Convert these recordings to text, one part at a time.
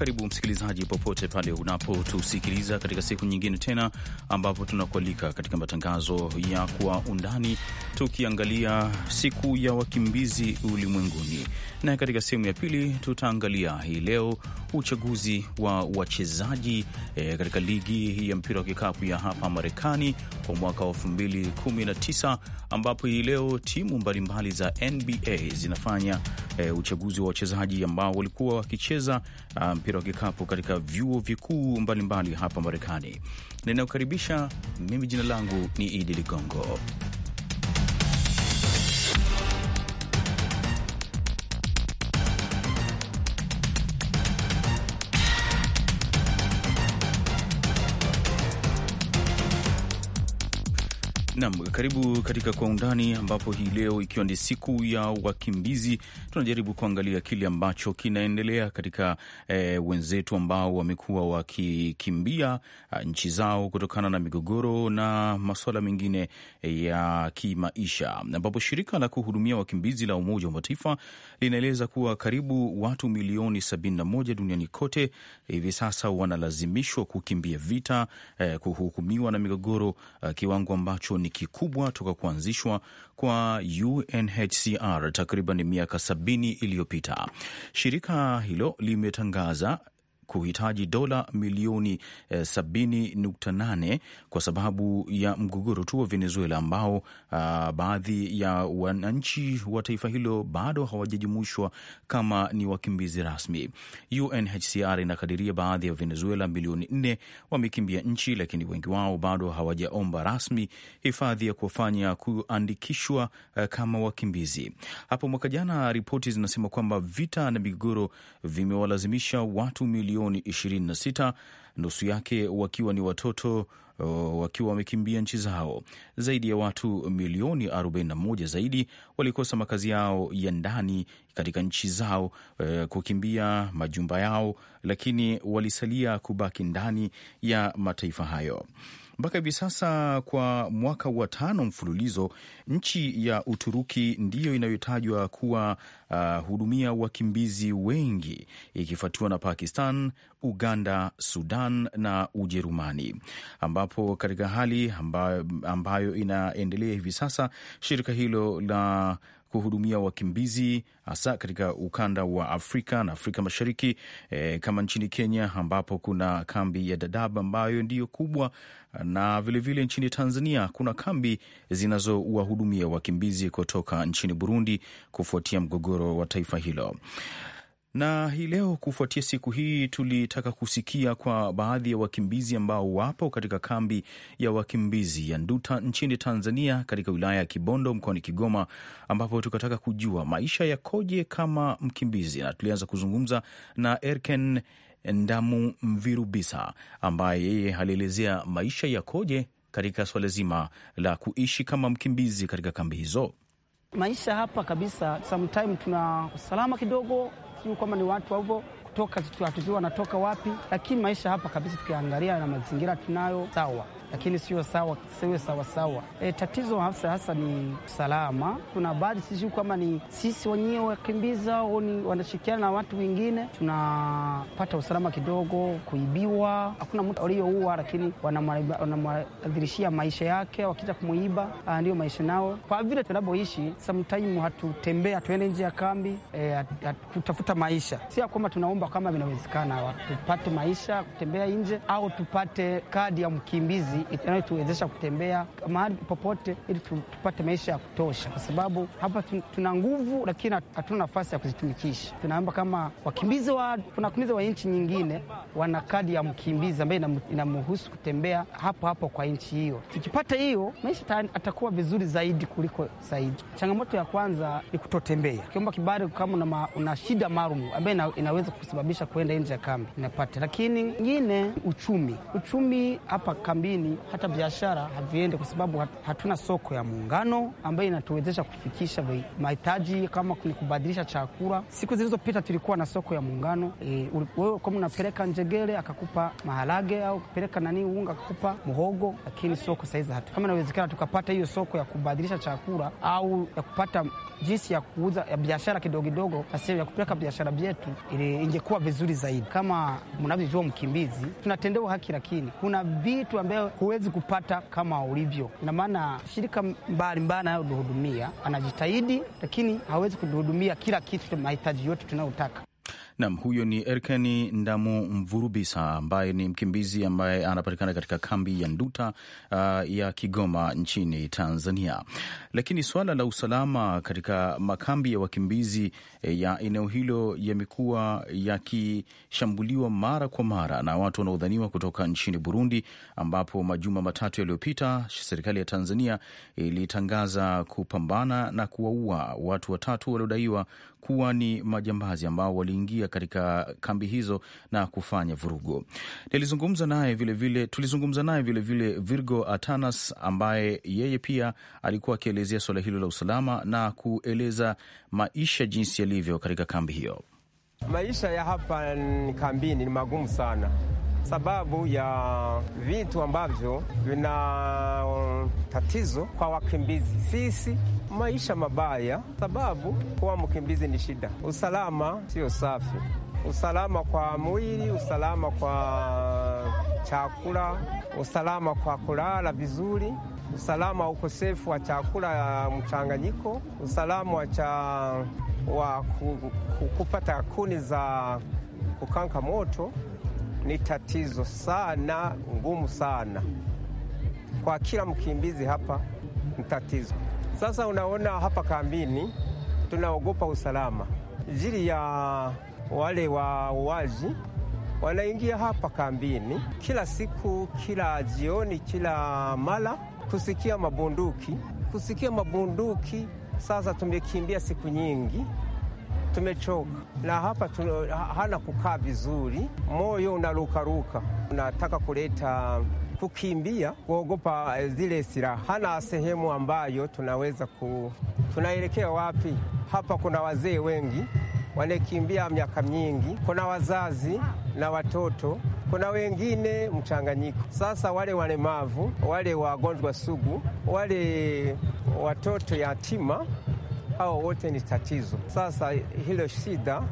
Karibu msikilizaji, popote pale unapotusikiliza katika siku nyingine tena, ambapo tunakualika katika matangazo ya Kwa Undani, tukiangalia siku ya wakimbizi ulimwenguni, na katika sehemu ya pili tutaangalia hii leo uchaguzi wa wachezaji e, katika ligi ya mpira wa kikapu ya hapa Marekani kwa mwaka wa 2019 ambapo hii leo timu mbalimbali mbali za NBA zinafanya e, uchaguzi wa wachezaji ambao walikuwa wakicheza ah, mpira wa kikapu katika vyuo vikuu mbalimbali hapa Marekani. ninayokaribisha mimi, jina langu ni Idi Ligongo. Nam, karibu katika Kwa Undani, ambapo hii leo ikiwa ni siku ya wakimbizi, tunajaribu kuangalia kile ambacho kinaendelea katika e, wenzetu ambao wamekuwa wakikimbia ah, nchi zao kutokana na migogoro na masuala mengine eh, ya kimaisha, ambapo shirika la kuhudumia wakimbizi la Umoja wa Mataifa linaeleza kuwa karibu watu milioni 71 duniani kote hivi sasa wanalazimishwa kukimbia vita, e, kuhukumiwa na migogoro, ah, kiwango ambacho ni ni kikubwa toka kuanzishwa kwa UNHCR takriban miaka sabini iliyopita. Shirika hilo limetangaza kuhitaji dola milioni 70.8 eh, kwa sababu ya mgogoro tu wa Venezuela ambao a, ah, baadhi ya wananchi wa taifa hilo bado hawajajumuishwa kama ni wakimbizi rasmi. UNHCR inakadiria baadhi ya Venezuela milioni nne wamekimbia nchi, lakini wengi wao bado hawajaomba rasmi hifadhi ya kuwafanya kuandikishwa eh, kama wakimbizi. Hapo mwaka jana, ripoti zinasema kwamba vita na migogoro vimewalazimisha watu milioni milioni 26, nusu yake wakiwa ni watoto wakiwa wamekimbia nchi zao. Zaidi ya watu milioni 41 zaidi walikosa makazi yao ya ndani katika nchi zao, e, kukimbia majumba yao, lakini walisalia kubaki ndani ya mataifa hayo. Mpaka hivi sasa kwa mwaka wa tano mfululizo, nchi ya Uturuki ndiyo inayotajwa kuwa uh, hudumia wakimbizi wengi ikifuatiwa na Pakistan, Uganda, Sudan na Ujerumani, ambapo katika hali ambayo, ambayo inaendelea hivi sasa shirika hilo la kuhudumia wakimbizi hasa katika ukanda wa Afrika na Afrika Mashariki e, kama nchini Kenya ambapo kuna kambi ya Dadaab ambayo ndiyo kubwa, na vilevile vile nchini Tanzania kuna kambi zinazowahudumia wakimbizi kutoka nchini Burundi kufuatia mgogoro wa taifa hilo. Na hii leo kufuatia siku hii, tulitaka kusikia kwa baadhi ya wakimbizi ambao wapo katika kambi ya wakimbizi ya Nduta nchini Tanzania, katika wilaya ya Kibondo mkoani Kigoma, ambapo tukataka kujua maisha yakoje kama mkimbizi, na tulianza kuzungumza na Erken Ndamu Mvirubisa ambaye yeye alielezea maisha yakoje katika swala zima la kuishi kama mkimbizi katika kambi hizo. Maisha hapa kabisa, sometime tuna usalama kidogo sijui kwamba ni watu hivyo kutoka, hatujui wanatoka wapi, lakini maisha hapa kabisa, tukiangalia na mazingira tunayo sawa lakini sio sawa, siwe sawa sawa. E, tatizo hasa hasa ni usalama. Kuna baadhi sisi kama ni sisi wenyewe wakimbiza au wanashirikiana na watu wengine, tunapata usalama kidogo, kuibiwa. Hakuna mtu aliyoua, lakini wanamwadhirishia maisha yake, wakija kumwiba ah, ndiyo maisha nao. Kwa vile tunavyoishi sometime, hatutembea hatuende nje ya kambi e, eh, kutafuta maisha, sia kwamba tunaomba kama vinawezekana tupate maisha kutembea nje au tupate kadi ya mkimbizi inayotuwezesha kutembea mahali popote, ili tupate maisha ya kutosha, kwa sababu hapa tuna nguvu, lakini hatuna nafasi ya kuzitumikisha. Tunaomba kama wakimbizi wa wakimbizi wa nchi nyingine, wana kadi ya mkimbizi ambayo inamruhusu kutembea hapo hapo kwa nchi hiyo. Tukipata hiyo, maisha atakuwa vizuri zaidi kuliko zaidi. Changamoto ya kwanza ni kutotembea. Ukiomba kibali kama una, una shida maalum ambayo inaweza kusababisha kuenda nje ya kambi inapata, lakini ingine uchumi, uchumi hapa kambini uwekezaji hata biashara haviende kwa sababu hatuna soko ya muungano ambayo inatuwezesha kufikisha mahitaji kama ni kubadilisha chakula. Siku zilizopita tulikuwa na soko ya muungano e, wewe kama unapeleka njegele akakupa maharage au kupeleka nani unga akakupa mhogo, lakini soko saizi hatu kama inawezekana tukapata hiyo soko ya kubadilisha chakula au ya kupata jinsi ya kuuza ya biashara kidogo kidogo, basi ya kupeleka biashara vyetu ingekuwa vizuri zaidi. Kama mnavyojua, mkimbizi tunatendewa haki, lakini kuna vitu ambavyo huwezi kupata kama ulivyo. Ina maana shirika mbalimbali anayotuhudumia anajitahidi, lakini hawezi kuduhudumia kila kitu, mahitaji yote tunayotaka. Nam, huyo ni Erkeni Ndamu Mvurubisa ambaye ni mkimbizi ambaye anapatikana katika kambi ya Nduta uh, ya Kigoma nchini Tanzania. Lakini suala la usalama katika makambi ya wakimbizi eh, ya eneo hilo yamekuwa yakishambuliwa mara kwa mara na watu wanaodhaniwa kutoka nchini Burundi, ambapo majuma matatu yaliyopita serikali ya Tanzania ilitangaza kupambana na kuwaua watu watatu waliodaiwa kuwa ni majambazi ambao waliingia katika kambi hizo na kufanya vurugu. Nilizungumza naye vilevile, tulizungumza naye vilevile Virgo Atanas ambaye yeye pia alikuwa akielezea suala hilo la usalama na kueleza maisha jinsi yalivyo katika kambi hiyo. Maisha ya hapa kambini ni magumu sana sababu ya vitu ambavyo vina tatizo kwa wakimbizi sisi maisha mabaya, sababu kuwa mkimbizi ni shida, usalama sio safi, usalama kwa mwili, usalama kwa chakula, usalama kwa kulala vizuri, usalama wa ukosefu wa chakula mchanganyiko, usalama wa, cha, wa kupata kuni za kukanka moto ni tatizo sana ngumu sana kwa kila mkimbizi hapa, ni tatizo. Sasa unaona hapa kambini tunaogopa usalama jili ya wale wa uwaji wanaingia hapa kambini kila siku, kila jioni, kila mara kusikia mabunduki, kusikia mabunduki. Sasa tumekimbia siku nyingi tumechoka na hapa tu, hana kukaa vizuri, moyo unarukaruka, unataka kuleta kukimbia, kuogopa eh, zile silaha. Hana sehemu ambayo tunaweza ku, tunaelekea wapi? Hapa kuna wazee wengi wanakimbia miaka mingi, kuna wazazi na watoto, kuna wengine mchanganyiko. Sasa wale walemavu, wale wagonjwa sugu, wale watoto yatima hao wote ni tatizo. Sasa hilo shida,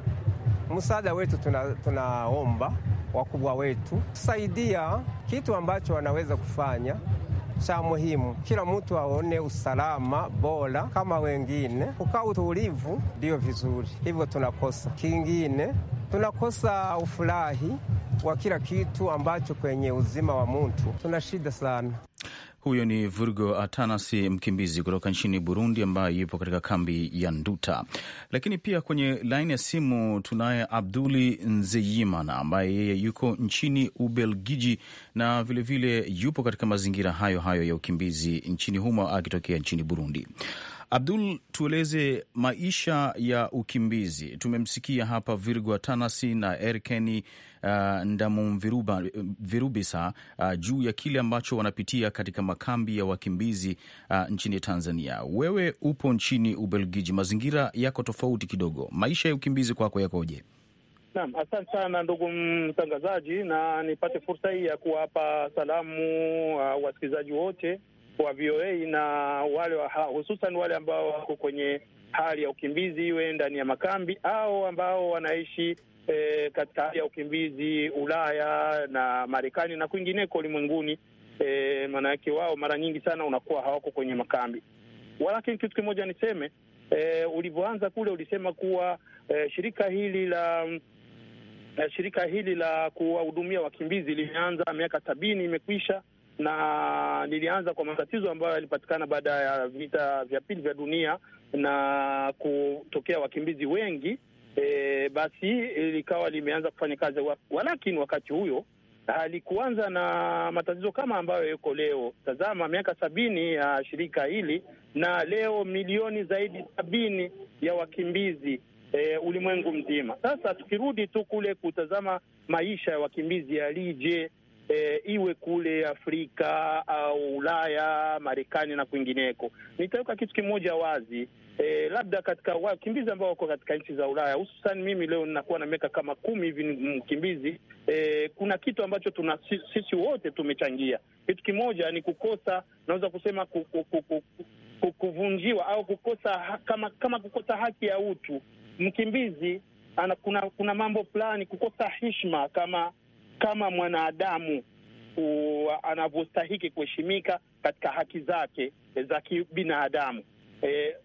msaada wetu tuna, tunaomba wakubwa wetu kusaidia kitu ambacho wanaweza kufanya cha muhimu, kila mtu aone usalama bora kama wengine, kukaa utulivu ndiyo vizuri. Hivyo tunakosa kingine, tunakosa ufurahi wa kila kitu ambacho kwenye uzima wa mtu tuna shida sana. Huyo ni Virgo Atanasi, mkimbizi kutoka nchini Burundi, ambaye yupo katika kambi ya Nduta. Lakini pia kwenye laini ya simu tunaye Abduli Nzeyimana ambaye yeye yuko nchini Ubelgiji na vilevile vile yupo katika mazingira hayo hayo ya ukimbizi nchini humo akitokea nchini Burundi. Abdul, tueleze maisha ya ukimbizi. Tumemsikia hapa Virgo tanasi na Erkeni uh, Ndamumvirubisa uh, juu ya kile ambacho wanapitia katika makambi ya wakimbizi uh, nchini Tanzania. Wewe upo nchini Ubelgiji, mazingira yako tofauti kidogo. Maisha ya ukimbizi kwako yakoje? Naam, asante sana ndugu mtangazaji, na nipate fursa hii ya kuwapa salamu uh, wasikilizaji wote wa VOA na wale wa, hususan wale ambao wako kwenye hali ya ukimbizi, iwe ndani ya makambi au ambao wanaishi e, katika hali ya ukimbizi Ulaya na Marekani na kwingineko ulimwenguni. E, eh, maanake wao mara nyingi sana unakuwa hawako kwenye makambi. Walakini kitu kimoja niseme, e, ulivyoanza kule ulisema kuwa e, shirika hili la shirika hili la kuwahudumia wakimbizi limeanza miaka sabini imekwisha na lilianza kwa matatizo ambayo yalipatikana baada ya vita vya pili vya dunia na kutokea wakimbizi wengi. E, basi likawa limeanza kufanya kazi wa, walakini wakati huyo halikuanza na matatizo kama ambayo yuko leo. Tazama miaka sabini ya shirika hili na leo milioni zaidi sabini ya wakimbizi e, ulimwengu mzima. Sasa tukirudi tu kule kutazama maisha ya wakimbizi yalije e, iwe kule Afrika au Ulaya, Marekani na kwingineko. Nitaweka kitu kimoja wazi e, labda katika wakimbizi ambao wako katika nchi za Ulaya, hususan mimi leo ninakuwa na miaka kama kumi hivi mkimbizi e, kuna kitu ambacho tuna sisi wote tumechangia. Kitu kimoja ni kukosa, naweza kusema kuvunjiwa au kukosa kama kama kukosa haki ya utu mkimbizi ana, kuna kuna mambo fulani kukosa heshima kama kama mwanadamu anavyostahiki kuheshimika katika haki zake za kibinadamu. E,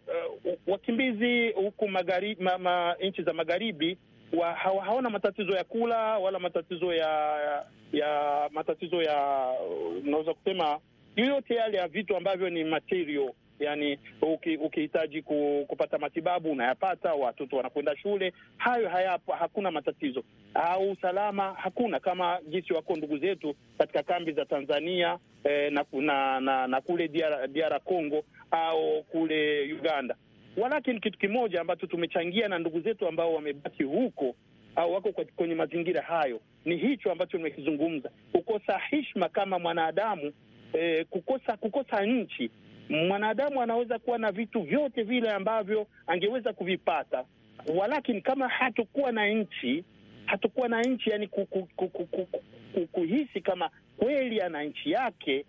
uh, wakimbizi huku magharibi ma, ma, nchi za magharibi wa, hawa, haona matatizo ya kula wala matatizo ya ya matatizo ya unaweza kusema yoyote yale ya vitu ambavyo ni material yani ukihitaji uki kupata matibabu unayapata, watoto wanakwenda shule, hayo hayapo, hakuna matatizo au usalama hakuna, kama jinsi wako ndugu zetu katika kambi za Tanzania eh, na, na, na, na kule DR Congo au kule Uganda. Walakini kitu kimoja ambacho tumechangia na ndugu zetu ambao wamebaki huko au wako kwenye mazingira hayo ni hicho ambacho nimekizungumza, kukosa heshima kama mwanadamu eh, kukosa kukosa nchi mwanadamu anaweza kuwa na vitu vyote vile ambavyo angeweza kuvipata, walakini kama hatukuwa na nchi, hatukuwa na nchi, yani kuhisi kama kweli ana nchi yake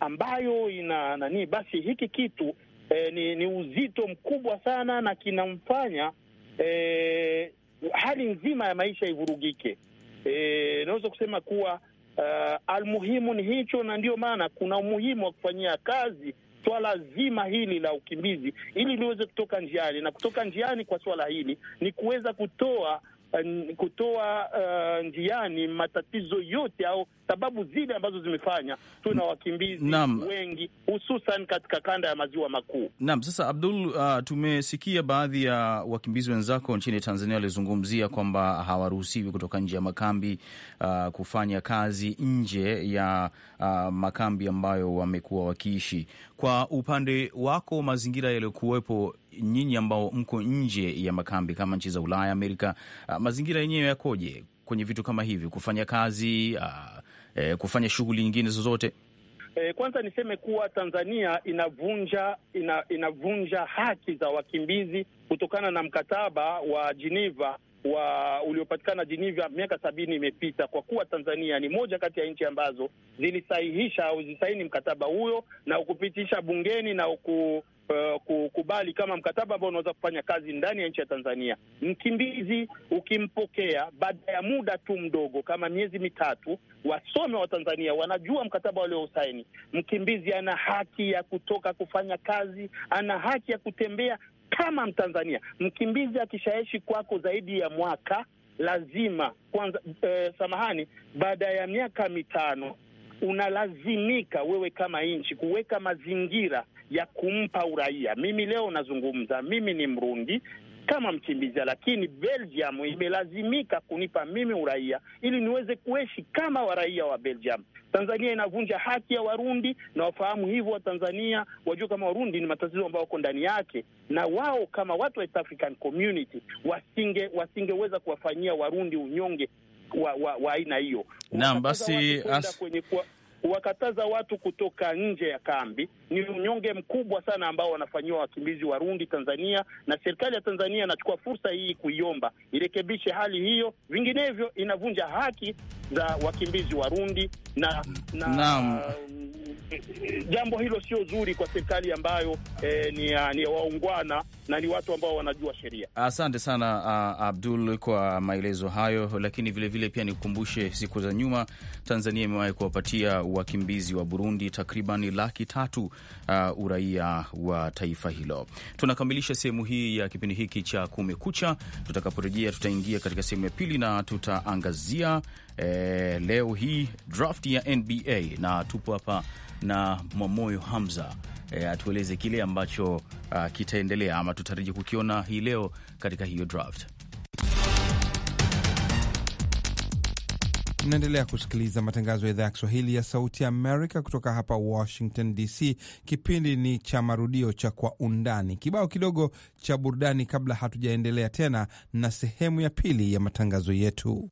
ambayo ina nani, basi hiki kitu eh, ni, ni uzito mkubwa sana na kinamfanya eh, hali nzima ya maisha ivurugike. Eh, naweza kusema kuwa uh, almuhimu ni hicho, na ndio maana kuna umuhimu wa kufanyia kazi swala zima hili la ukimbizi ili liweze kutoka njiani, na kutoka njiani kwa swala hili ni kuweza kutoa Eh, kutoa uh, njiani matatizo yote au sababu zile ambazo zimefanya tuna wakimbizi Nam. wengi hususan katika kanda ya maziwa makuu. Naam, sasa Abdul, uh, tumesikia baadhi ya wakimbizi wenzako nchini Tanzania walizungumzia kwamba hawaruhusiwi kutoka nje ya makambi uh, kufanya kazi nje ya uh, makambi ambayo wamekuwa wakiishi. Kwa upande wako, mazingira yaliyokuwepo nyinyi ambao mko nje ya makambi kama nchi za Ulaya, Amerika, ah, mazingira yenyewe yakoje kwenye vitu kama hivi, kufanya kazi uh, eh, kufanya shughuli nyingine zozote? E, kwanza niseme kuwa Tanzania inavunja ina, inavunja haki za wakimbizi kutokana na mkataba wa Geneva wa uliopatikana Geneva miaka sabini imepita, kwa kuwa Tanzania ni moja kati ya nchi ambazo zilisahihisha au zisaini mkataba huyo na ukupitisha bungeni na uku uh, eh, kukubali kama mkataba ambao unaweza kufanya kazi ndani ya nchi ya Tanzania. Mkimbizi ukimpokea baada ya muda tu mdogo kama miezi mitatu, wasome wa Tanzania wanajua mkataba usaini Mkimbizi ana haki ya kutoka kufanya kazi, ana haki ya kutembea kama Mtanzania. Mkimbizi akishaishi kwako zaidi ya mwaka lazima kwanza, eh, samahani, baada ya miaka mitano unalazimika wewe kama nchi kuweka mazingira ya kumpa uraia. Mimi leo nazungumza, mimi ni Mrundi kama mkimbizi, lakini Belgium imelazimika kunipa mimi uraia ili niweze kuishi kama waraia wa Belgium. Tanzania inavunja haki ya Warundi na wafahamu hivyo Watanzania, wajue kama Warundi ni matatizo ambayo wako ndani yake, na wao kama watu wa East African Community wasinge wasingeweza kuwafanyia Warundi unyonge wa aina wa, wa hiyo. Naam, basi kwenye kuwakataza watu kutoka nje ya kambi ni unyonge mkubwa sana ambao wanafanyiwa wakimbizi Warundi Tanzania, na serikali ya Tanzania inachukua fursa hii kuiomba irekebishe hali hiyo, vinginevyo inavunja haki za wakimbizi Warundi na, na, na jambo hilo sio zuri kwa serikali ambayo eh, ni ya ni waungwana na ni watu ambao wanajua sheria. Asante sana uh, Abdul kwa maelezo hayo, lakini vilevile vile pia nikukumbushe siku za nyuma Tanzania imewahi kuwapatia wakimbizi wa Burundi takriban laki tatu uh, uraia wa taifa hilo. Tunakamilisha sehemu hii ya kipindi hiki cha Kumekucha. Tutakaporejea tutaingia katika sehemu ya pili na tutaangazia eh, leo hii draft ya NBA na tupo hapa na Mwamoyo Hamza e, atueleze kile ambacho ah, kitaendelea ama tutarajia kukiona hii leo katika hiyo draft. Mnaendelea kusikiliza matangazo ya idhaa ya Kiswahili ya Sauti Amerika kutoka hapa Washington DC. Kipindi ni cha marudio cha Kwa Undani. Kibao kidogo cha burudani kabla hatujaendelea tena na sehemu ya pili ya matangazo yetu.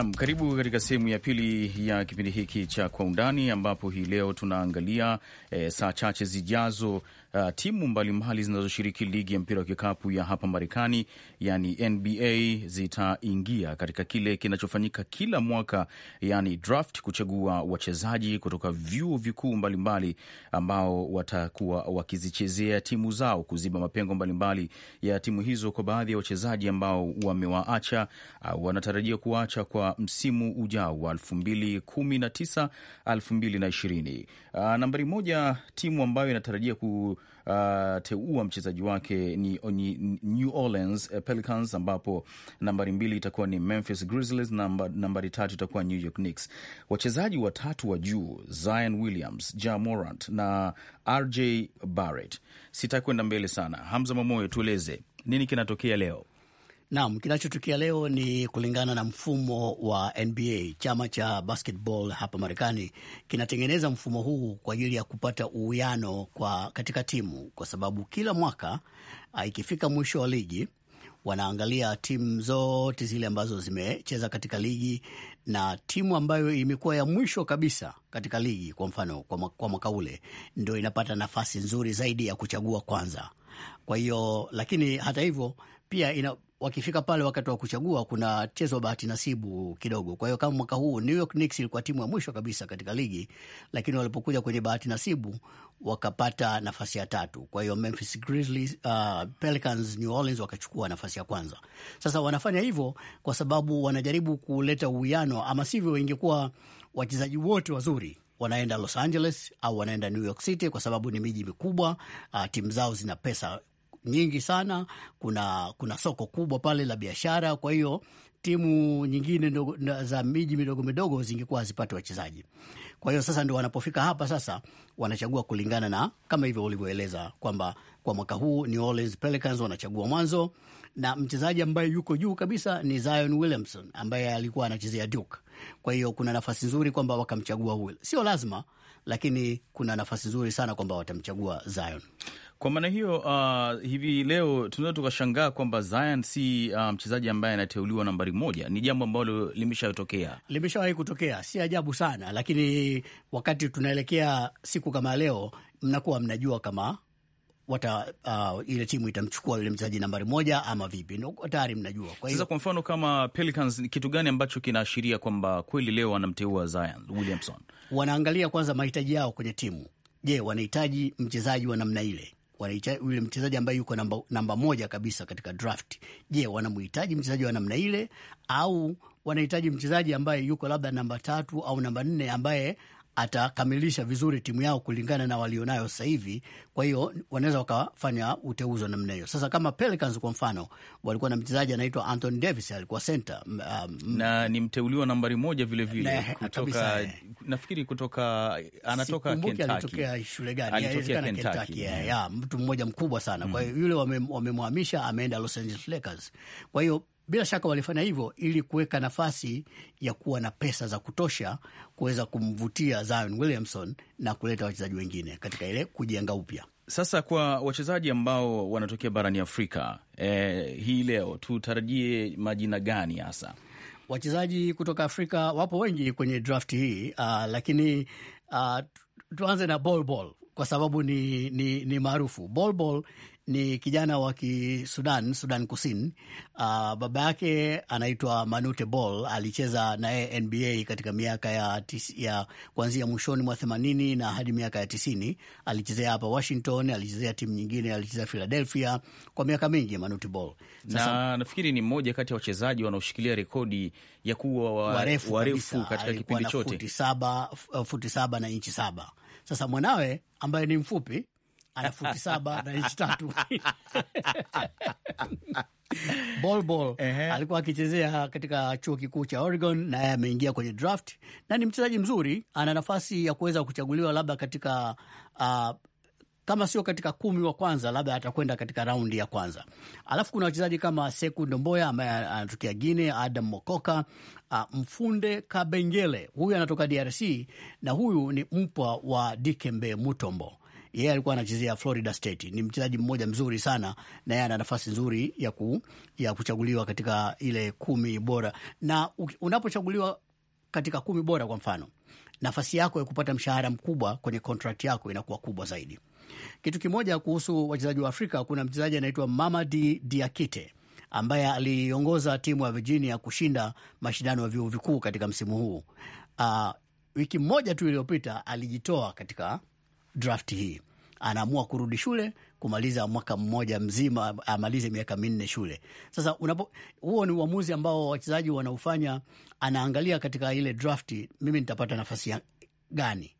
Nam, karibu katika sehemu ya pili ya kipindi hiki cha Kwa Undani, ambapo hii leo tunaangalia e, saa chache zijazo uh, timu mbalimbali zinazoshiriki ligi ya mpira wa kikapu ya hapa Marekani, yani NBA, zitaingia katika kile kinachofanyika kila mwaka, yani draft, kuchagua wachezaji kutoka vyuo vikuu mbalimbali ambao watakuwa wakizichezea timu zao, kuziba mapengo mbalimbali ya timu hizo kwa baadhi ya wachezaji ambao wamewaacha au uh, wanatarajia kuwaacha kwa msimu ujao wa 2019 2020. Uh, nambari moja timu ambayo inatarajia ku kuteua mchezaji wake ni, ni New Orleans eh, Pelicans, ambapo nambari mbili itakuwa ni Memphis Grizzlies, namba, nambari tatu itakuwa New York Knicks. Wachezaji watatu wa juu Zion Williams, Ja Morant na RJ Barrett. Sitakwenda mbele sana. Hamza Mamoyo, tueleze nini kinatokea leo? Naam, kinachotukia leo ni kulingana na mfumo wa NBA. Chama cha basketball hapa Marekani kinatengeneza mfumo huu kwa ajili ya kupata uwiano kwa katika timu, kwa sababu kila mwaka ah, ikifika mwisho wa ligi wanaangalia timu zote zile ambazo zimecheza katika ligi na timu ambayo imekuwa ya mwisho kabisa katika ligi, kwa mfano kwa mwaka ule, ndio inapata nafasi nzuri zaidi ya kuchagua kwanza. Kwa hiyo, lakini hata hivyo pia ina, wakifika pale wakati wa kuchagua kuna chezo wa bahati nasibu kidogo. Kwa hiyo kama mwaka huu New York Knicks ilikuwa timu ya mwisho kabisa katika ligi, lakini walipokuja kwenye bahati nasibu wakapata nafasi ya tatu. Kwa hiyo Memphis Grizzlies, uh, Pelicans, New Orleans wakachukua nafasi ya kwanza. Sasa wanafanya hivyo kwa sababu wanajaribu kuleta uwiano, ama sivyo ingekuwa wachezaji wote wazuri wanaenda Los Angeles au wanaenda New York City kwa sababu ni miji mikubwa. Uh, timu zao zina pesa nyingi sana, kuna, kuna soko kubwa pale la biashara. Kwa hiyo timu nyingine ndogo, za miji midogo midogo zingekuwa hazipati wachezaji. Kwa hiyo sasa ndio wanapofika hapa sasa wanachagua kulingana na kama hivyo ulivyoeleza kwamba kwa mwaka huu Orleans Pelicans wanachagua mwanzo, na mchezaji ambaye yuko juu kabisa ni Zion Williamson ambaye alikuwa anachezea Duke. Kwa hiyo kuna nafasi nzuri kwamba wakamchagua huyo, sio lazima lakini kuna nafasi nzuri sana kwamba watamchagua Zion. Kwa maana hiyo uh, hivi leo tunaweza tukashangaa kwamba Zion si uh, mchezaji ambaye anateuliwa nambari moja. Ni jambo ambalo limeshatokea, limeshawahi kutokea, si ajabu sana, lakini wakati tunaelekea siku kama leo, mnakuwa mnajua kama wata uh, ile timu itamchukua yule mchezaji nambari moja ama vipi? tayari mnajua. Kwa hiyo sasa, kwa mfano kama Pelicans, kitu gani ambacho kinaashiria kwamba kweli leo wanamteua Zion Williamson? Wanaangalia kwanza mahitaji yao kwenye timu. Je, wanahitaji mchezaji wa namna ile yule mchezaji ambaye yuko namba, namba moja kabisa katika draft. Je, wanamhitaji mchezaji wa namna ile au wanahitaji mchezaji ambaye yuko labda namba tatu au namba nne ambaye atakamilisha vizuri timu yao kulingana na walionayo sasa hivi. Kwa hiyo wanaweza wakafanya uteuzi wa namna hiyo. Sasa kama Pelicans kwa mfano, walikuwa na mchezaji anaitwa Anthony Davis, alikuwa center um, na ni mteuliwa nambari moja vilevile vile, kutoka eh. nafikiri kutoka anatoka Kentucky, alitokea shule gani, alitokea Kentucky, mtu mmoja mkubwa sana. Kwa mm. hiyo yule wamemhamisha, ameenda Los Angeles Lakers. Kwa hiyo bila shaka walifanya hivyo ili kuweka nafasi ya kuwa na pesa za kutosha kuweza kumvutia Zion Williamson na kuleta wachezaji wengine katika ile kujenga upya. Sasa kwa wachezaji ambao wanatokea barani Afrika eh, hii leo tutarajie majina gani hasa? Wachezaji kutoka Afrika wapo wengi kwenye draft hii uh, lakini uh, tuanze na Bol Bol kwa sababu ni, ni, ni maarufu. Bolbol ni kijana wa Kisudan, Sudan Kusini. Uh, baba yake anaitwa Manute Bol, alicheza naye NBA katika miaka ya, ya kuanzia mwishoni mwa themanini na hadi miaka ya tisini. Alichezea hapa Washington, alichezea timu nyingine, alichezea Philadelphia kwa miaka mingi Manute Bol. Sasa, na nafikiri ni mmoja kati ya wachezaji wanaoshikilia rekodi ya kuwa warefu katika kipindi chote, futi saba, futi saba na inchi saba sasa mwanawe ambaye ni mfupi ana futi saba na inchi tatu bol alikuwa akichezea katika chuo kikuu cha Oregon, naye ameingia kwenye draft na ni mchezaji mzuri, ana nafasi ya kuweza kuchaguliwa labda katika uh, kama sio katika kumi wa kwanza, labda atakwenda katika raundi ya kwanza. Alafu kuna wachezaji kama Seku Ndomboya ambaye anatokea Guine, Adam Mokoka, uh, Mfunde Kabengele huyu anatoka DRC na huyu ni mpwa wa Dikembe Mutombo yeye yeah, alikuwa anachezea Florida State. Ni mchezaji mmoja mzuri sana, na yeye ana nafasi nzuri ya, ku, ya kuchaguliwa katika ile kumi bora. Na unapochaguliwa katika kumi bora, kwa mfano, nafasi yako ya kupata mshahara mkubwa kwenye kontrakti yako inakuwa kubwa zaidi. Kitu kimoja kuhusu wachezaji wa Afrika, kuna mchezaji anaitwa Mamadi Diakite ambaye aliongoza timu ya Virginia kushinda mashindano ya vyuo vikuu katika msimu huu. Uh, wiki moja tu iliyopita alijitoa katika drafti hii, anaamua kurudi shule kumaliza mwaka mmoja mzima, amalize miaka minne shule. Sasa unapo, huo ni uamuzi ambao wachezaji wanaufanya, anaangalia katika ile drafti, mimi nitapata nafasi ya gani?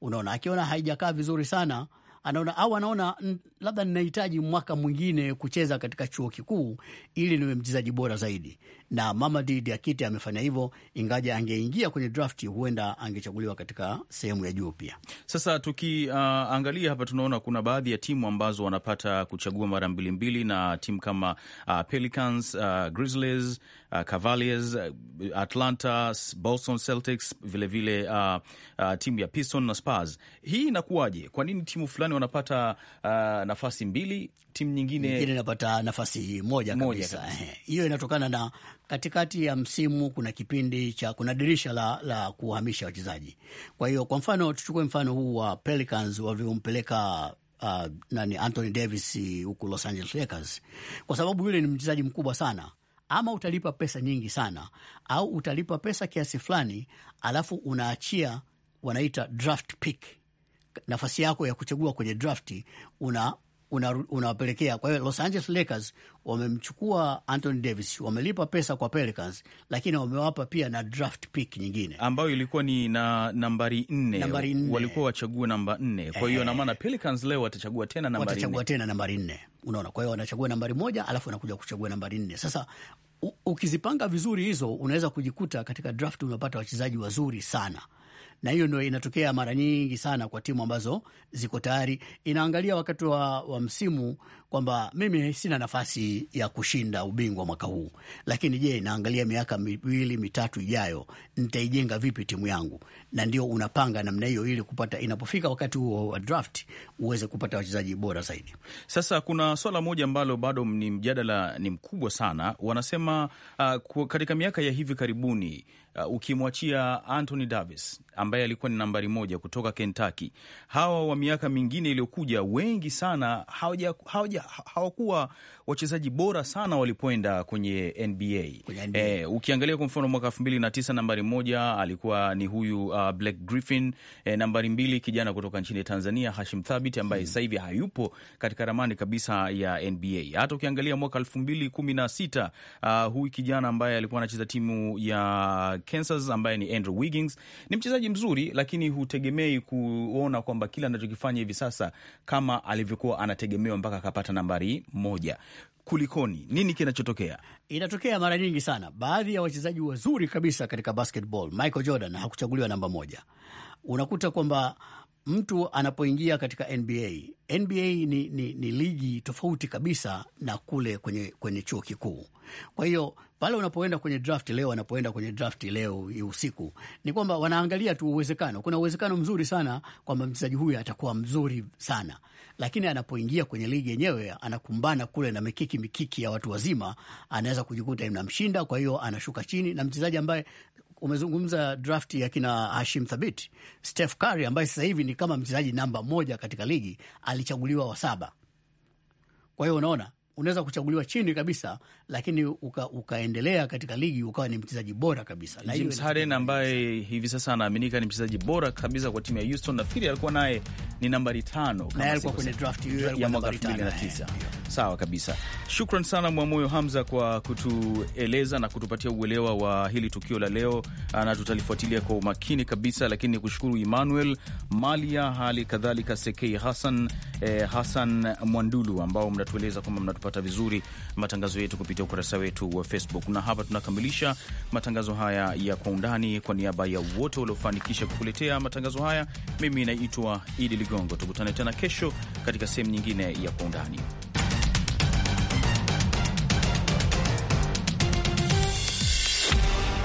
Unaona, akiona haijakaa vizuri sana anaona au anaona labda ninahitaji mwaka mwingine kucheza katika chuo kikuu ili niwe mchezaji bora zaidi, na Mamadi Diakite amefanya hivyo. Ingaja angeingia kwenye drafti, huenda angechaguliwa katika sehemu ya juu pia. Sasa tukiangalia uh, hapa tunaona kuna baadhi ya timu ambazo wanapata kuchagua mara mbili mbili, na timu kama uh, Pelicans, uh, Grizzlies, uh, Cavaliers, uh, Atlanta, Boston Celtics, vilevile vile, uh, uh, timu ya Piston na Spurs. Hii inakuwaje? Kwa nini timu fulani wanapata uh, nafasi mbili, timu nyingine inapata nafasi moja kabisa. Hiyo inatokana na katikati ya msimu kuna kipindi cha kuna dirisha la, la kuhamisha wachezaji. Kwa hiyo kwa mfano tuchukue mfano huu wa Pelicans walivyompeleka uh, nani Anthony Davis huku Los Angeles Lakers, kwa sababu yule ni mchezaji mkubwa sana ama utalipa pesa nyingi sana au utalipa pesa kiasi fulani, alafu unaachia wanaita draft pick nafasi yako ya kuchagua kwenye drafti una unawapelekea una. Kwa hiyo Los Angeles Lakers wamemchukua Anthony Davis, wamelipa pesa kwa Pelicans, lakini wamewapa pia na draft pick nyingine ambayo ilikuwa ni na nambari nne, nambari nne. Walikuwa wachague namba nne, kwa hiyo eh. namaana Pelicans leo watachagua tena nambari watachagua tena nambari nne, unaona. Kwa hiyo wanachagua nambari moja alafu wanakuja kuchagua nambari nne. Sasa ukizipanga vizuri hizo unaweza kujikuta katika draft unapata wachezaji wazuri sana na hiyo ndio inatokea mara nyingi sana kwa timu ambazo ziko tayari, inaangalia wakati wa, wa msimu kwamba mimi sina nafasi ya kushinda ubingwa mwaka huu, lakini je, naangalia miaka miwili mitatu ijayo, nitaijenga vipi timu yangu? Na ndio unapanga namna hiyo, ili kupata inapofika wakati huo wa draft uweze kupata wachezaji bora zaidi. Sasa kuna swala moja ambalo bado ni mjadala ni mkubwa sana, wanasema uh, katika miaka ya hivi karibuni uh, ukimwachia Anthony Davis ambaye alikuwa ni nambari moja kutoka Kentucky, hawa wa miaka mingine iliyokuja wengi sana hawaja, hawaja, hawakuwa wachezaji bora sana walipoenda kwenye NBA, kwenye NBA. Eh, ukiangalia kwa mfano mwaka elfu mbili na tisa nambari moja alikuwa ni huyu uh, Black Griffin eh, nambari mbili kijana kutoka nchini Tanzania Hashim Thabit ambaye hmm, sahivi hayupo katika ramani kabisa ya NBA. Hata ukiangalia mwaka elfu mbili kumi na sita uh, huyu kijana ambaye alikuwa anacheza timu ya Kansas ambaye ni Andrew Wiggins. Ni mchezaji mzuri, lakini hutegemei kuona kwamba kile anachokifanya hivi sasa kama alivyokuwa anategemewa mpaka akapata nambari moja. Kulikoni? Nini kinachotokea? Inatokea mara nyingi sana. Baadhi ya wachezaji wazuri kabisa katika basketball, Michael Jordan hakuchaguliwa namba moja. Unakuta kwamba mtu anapoingia katika NBA, NBA ni, ni, ni ligi tofauti kabisa na kule kwenye, kwenye chuo kikuu. Kwa hiyo pale unapoenda kwenye draft leo, anapoenda kwenye draft leo usiku, ni kwamba wanaangalia tu uwezekano. Kuna uwezekano mzuri sana kwamba mchezaji huyu atakuwa mzuri sana, lakini anapoingia kwenye ligi yenyewe anakumbana kule na mikiki mikiki ya watu wazima, anaweza kujikuta inamshinda. Kwa hiyo anashuka chini, na mchezaji ambaye umezungumza drafti ya kina Hashim Thabit, Steph Curry ambaye sasa hivi ni kama mchezaji namba moja katika ligi alichaguliwa wa saba. Kwa hiyo unaona unaweza kuchaguliwa chini kabisa, lakini uka, ukaendelea katika ligi ukawa ni mchezaji bora kabisa. James Harden ambaye hivi sasa anaaminika ni mchezaji bora kabisa kwa timu ya Houston, nafikiri alikuwa naye ni nambari tano na alikuwa kwenye draft ya mwaka 2009. Eh, Sawa kabisa. Shukran sana Mwamoyo Hamza kwa kutueleza na kutupatia uelewa wa hili tukio la leo, ah, na tutalifuatilia kwa umakini kabisa, lakini ni kushukuru Emmanuel Malia, hali kadhalika Sekei Hassan, eh, Hassan Mwandulu ambao mnatueleza kwamba mnatupa unayapata vizuri matangazo yetu kupitia ukurasa wetu wa Facebook. Na hapa tunakamilisha matangazo haya ya kwa undani. Kwa niaba ya wote waliofanikisha kukuletea matangazo haya, mimi naitwa Idi Ligongo. Tukutane tena kesho katika sehemu nyingine ya kwa undani.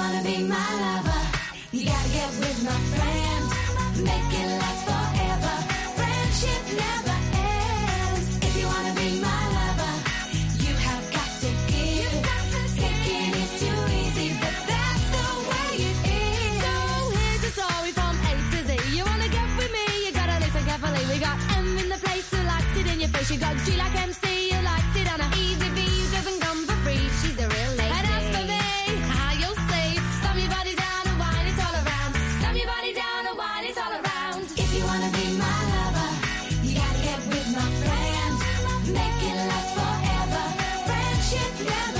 wanna be my life? together.